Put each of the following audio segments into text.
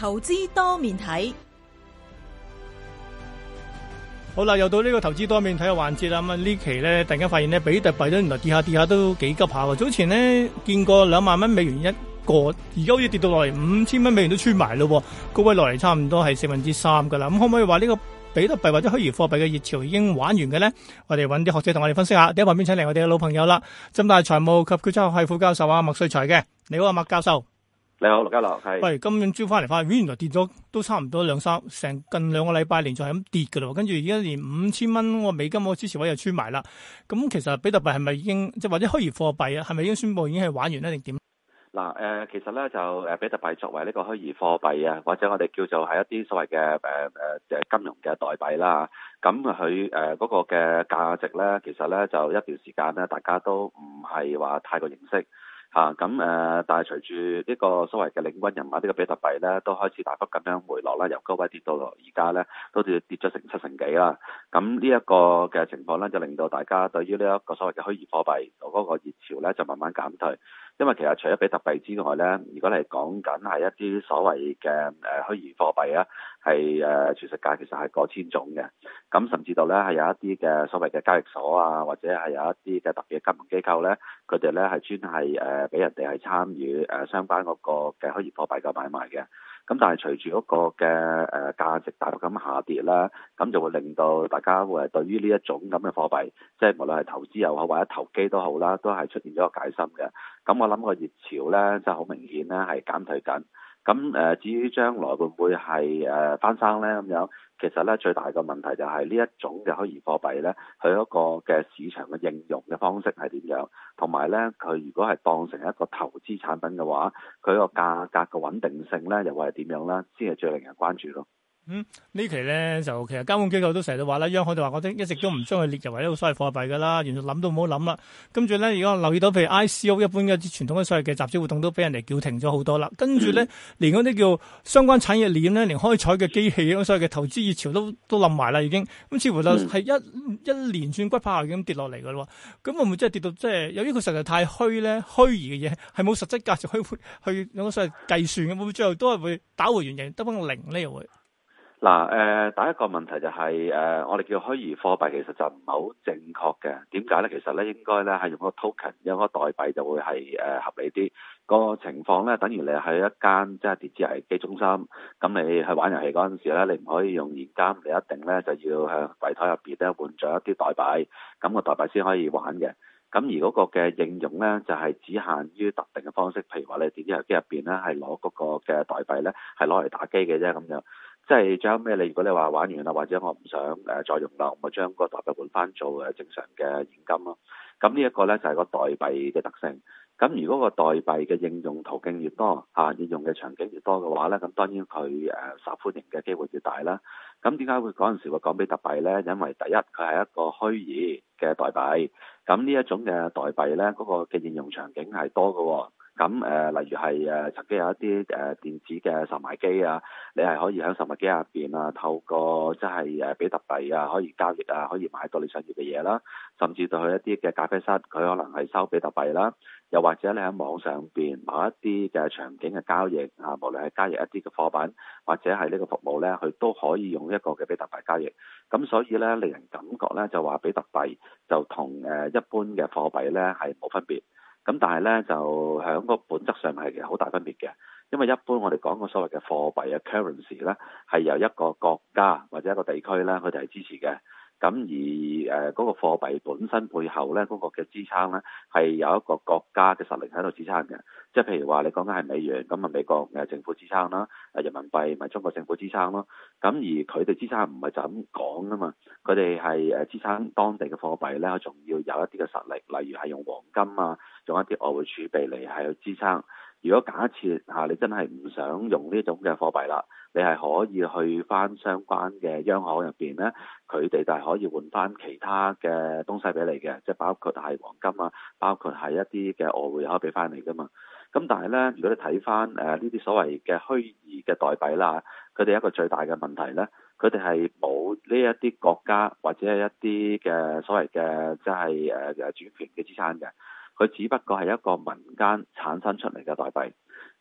投資多面睇，好啦，又到呢個投資多面睇嘅環節啦。咁啊，呢期咧突然間發現咧，比特幣都原來跌下跌下都幾急下喎。早前咧見過兩萬蚊美元一個，而家好似跌到落嚟五千蚊美元都穿埋咯，高位落嚟差唔多係四分之三噶啦。咁可唔可以話呢個比特幣或者虛擬貨幣嘅熱潮已經玩完嘅咧？我哋搵啲學者同我哋分析下。第一旁邊請嚟我哋嘅老朋友啦，浸大財務及決策學系副教授啊麥萃才嘅，你好啊麥教授。你好，羅家樂係。喂，今朝返翻嚟，返嚟原來跌咗都差唔多兩三成，近兩個禮拜連住係咁跌噶啦。跟住而家連五千蚊個美金個支持位又穿埋啦。咁其實比特幣係咪已經即係或者虛擬貨幣啊？係咪已經宣佈已經係玩完咧，定點？嗱，誒，其實咧就誒，比特幣作為呢個虛擬貨幣啊，或者我哋叫做係一啲所謂嘅誒誒金融嘅代幣啦。咁佢誒嗰個嘅價值咧，其實咧就一段時間咧，大家都唔係話太過認識。咁、啊、誒，但係、呃、隨住呢個所謂嘅領軍人物，呢、呢個比特幣咧，都開始大幅咁樣回落啦，由高位跌到落而家咧，都仲要跌咗成七成幾啦。咁呢一個嘅情況咧，就令到大家對於呢一個所謂嘅虛擬貨幣嗰個熱潮咧，就慢慢減退。因為其實除咗比特幣之外呢，如果你講緊係一啲所謂嘅誒虛擬貨幣啊，係誒全世界其實係過千種嘅，咁甚至到呢，係有一啲嘅所謂嘅交易所啊，或者係有一啲嘅特別嘅金融機構呢，佢哋呢係專係誒俾人哋係參與誒相關嗰個嘅虛擬貨幣嘅買賣嘅。咁但係隨住嗰個嘅誒價值大幅咁下跌啦，咁就會令到大家會係對於呢一種咁嘅貨幣，即係無論係投資又好或者投機都好啦，都係出現咗個解心嘅。咁我諗個熱潮咧，就好明顯咧，係減退緊。咁誒，至於將來會唔會係誒翻生咧咁樣？其實咧，最大嘅問題就係呢一種嘅虛擬貨幣咧，佢一個嘅市場嘅應用嘅方式係點樣，同埋咧佢如果係當成一個投資產品嘅話，佢個價格嘅穩定性咧又會係點樣咧，先係最令人關注咯。嗯、期呢期咧就其實監管機構都成日都話啦，央行就話我哋一直都唔將佢列入為一個所謂貨幣噶啦，完全諗都唔好諗啦。跟住咧，如果留意到，譬如 ICO 一般嘅啲傳統嘅所謂嘅集資活動都俾人哋叫停咗好多啦。跟住咧，連嗰啲叫相關產業鏈咧，連開採嘅機器咁，所謂嘅投資熱潮都都冧埋啦已經。咁似乎就係一一連串骨牌效應咁跌落嚟噶咯。咁、嗯、會唔會真係跌到即係由於佢實在太虛咧，虛擬嘅嘢係冇實質價值去去計算嘅，會唔會最後都係會打回原形，得翻個零呢？又會？嗱，誒、呃、第一個問題就係、是、誒、呃，我哋叫虛擬貨幣其實就唔係好正確嘅。點解咧？其實咧，應該咧係用個 token，用個代幣就會係、呃、合理啲。個情況咧，等於你喺一間即係電子遊戲中心，咁你去玩遊戲嗰陣時咧，你唔可以用現金，你一定咧就要喺櫃枱入邊咧換咗一啲代幣，咁、個代幣先可以玩嘅。咁而嗰個嘅應用咧，就係、是、只限於特定嘅方式，譬如話你電子遊戲入邊咧，係攞嗰個嘅代幣咧，係攞嚟打機嘅啫咁樣。即係最咩？你如果你話玩完啦，或者我唔想再用啦，我將個代幣換翻做正常嘅現金咯。咁呢一個咧就係個代幣嘅特性。咁如果個代幣嘅應用途徑越多、啊、應用嘅場景越多嘅話咧，咁當然佢誒受歡迎嘅機會越大啦。咁點解會嗰陣時會講比特幣咧？因為第一佢係一個虛擬嘅代幣，咁呢一種嘅代幣咧，嗰、嗰個嘅應用場景係多㗎喎。咁誒，例如係誒曾經有一啲誒電子嘅售賣機啊，你係可以喺售賣機入邊啊，透過即係誒比特幣啊，可以交易啊，可以買到你想要嘅嘢啦。甚至到去一啲嘅咖啡室，佢可能係收比特幣啦。又或者你喺網上邊某一啲嘅場景嘅交易啊，無論係交易一啲嘅貨品或者係呢個服務咧，佢都可以用一個嘅比特幣交易。咁所以咧，令人感覺咧就話比特幣就同誒一般嘅貨幣咧係冇分別。咁但係咧，就喺個本質上係其實好大分別嘅，因為一般我哋講個所謂嘅貨幣啊，currency 咧係由一個國家或者一個地區咧，佢哋係支持嘅。咁而誒嗰個貨幣本身背後咧，嗰個嘅支撐咧係有一個國家嘅實力喺度支撐嘅。即係譬如話你講緊係美元，咁咪美國嘅政府支撐啦，誒人民幣咪、就是、中國政府支撐咯。咁而佢哋支撐唔係就咁講啊嘛，佢哋係誒支撐當地嘅貨幣咧，仲要有一啲嘅實力，例如係用黃金啊。用一啲外匯儲備嚟係去支撐。如果假設吓、啊、你真係唔想用呢種嘅貨幣啦，你係可以去翻相關嘅央行入邊咧，佢哋就係可以換翻其他嘅東西俾你嘅，即係包括係黃金啊，包括係一啲嘅外匯可以俾翻你噶嘛。咁但係咧，如果你睇翻誒呢啲所謂嘅虛擬嘅代幣啦，佢哋一個最大嘅問題咧，佢哋係冇呢一啲國家或者係一啲嘅所謂嘅即係誒誒主權嘅支撐嘅。佢只不過係一個民間產生出嚟嘅代幣，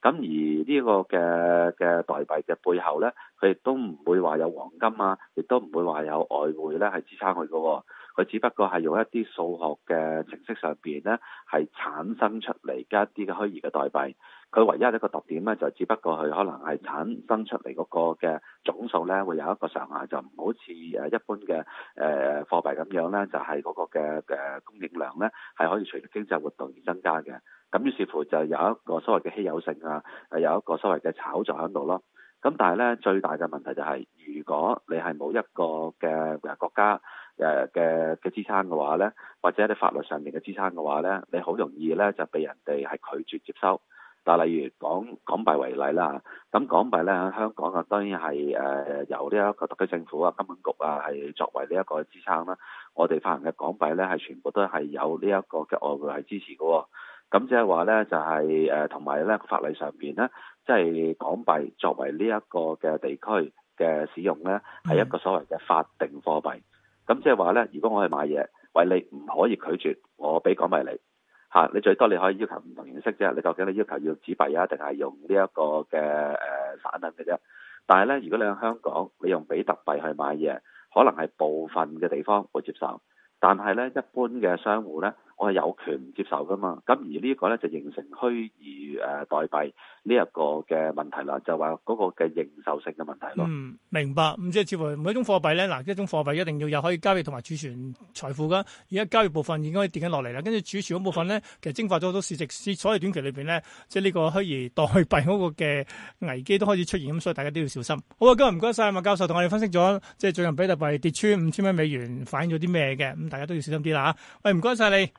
咁而呢個嘅嘅代幣嘅背後呢，佢亦都唔會話有黃金啊，亦都唔會話有外匯呢係支撐佢噶喎，佢只不過係用一啲數學嘅程式上邊呢，係產生出嚟嘅一啲嘅虛擬嘅代幣。佢唯一一個特點咧，就只不過佢可能係產生出嚟嗰個嘅總數咧，會有一個上下，就唔好似誒一般嘅誒貨幣咁樣咧，就係、是、嗰個嘅誒、呃、供應量咧，係可以隨住經濟活動而增加嘅。咁於是乎就有一個所謂嘅稀有性啊，有一個所謂嘅炒作喺度咯。咁但係咧，最大嘅問題就係、是，如果你係冇一個嘅誒國家誒嘅嘅支撐嘅話咧，或者喺法律上面嘅支撐嘅話咧，你好容易咧就被人哋係拒絕接收。但例如港港幣為例啦，咁港幣咧，香港啊，當然係誒、呃、由呢一個特區政府啊、金管局啊係作為呢一個支撐啦。我哋發行嘅港幣咧，係全部都係有呢一個嘅外匯係支持㗎喎。咁即係話咧，就係誒同埋咧法例上面咧，即係港幣作為呢一個嘅地區嘅使用咧，係一個所謂嘅法定貨幣。咁即係話咧，如果我係買嘢，餵你唔可以拒絕我俾港幣你。嚇、啊！你最多你可以要求唔同形式啫。你究竟你要求要紙幣啊，定係用呢一個嘅反、呃、散銀嘅啫？但係咧，如果你喺香港，你用比特幣去買嘢，可能係部分嘅地方會接受，但係咧，一般嘅商戶咧。我係有權接受噶嘛？咁而呢一個咧就形成虛擬誒代幣呢一個嘅問題啦，就話嗰個嘅認受性嘅問題咯。嗯，明白。咁即係似乎每一種貨幣咧，嗱一種貨幣一定要有可以交易同埋儲存財富噶。而家交易部分已經可以跌緊落嚟啦，跟住儲存部分咧，其實蒸發咗好多市值，所以短期裏邊咧，即係呢個虛擬代幣嗰個嘅危機都開始出現咁，所以大家都要小心。好啊，今日唔該晒阿麥教授同我哋分析咗，即係最近比特幣跌穿五千蚊美元，反映咗啲咩嘅？咁大家都要小心啲啦嚇。喂，唔該晒你。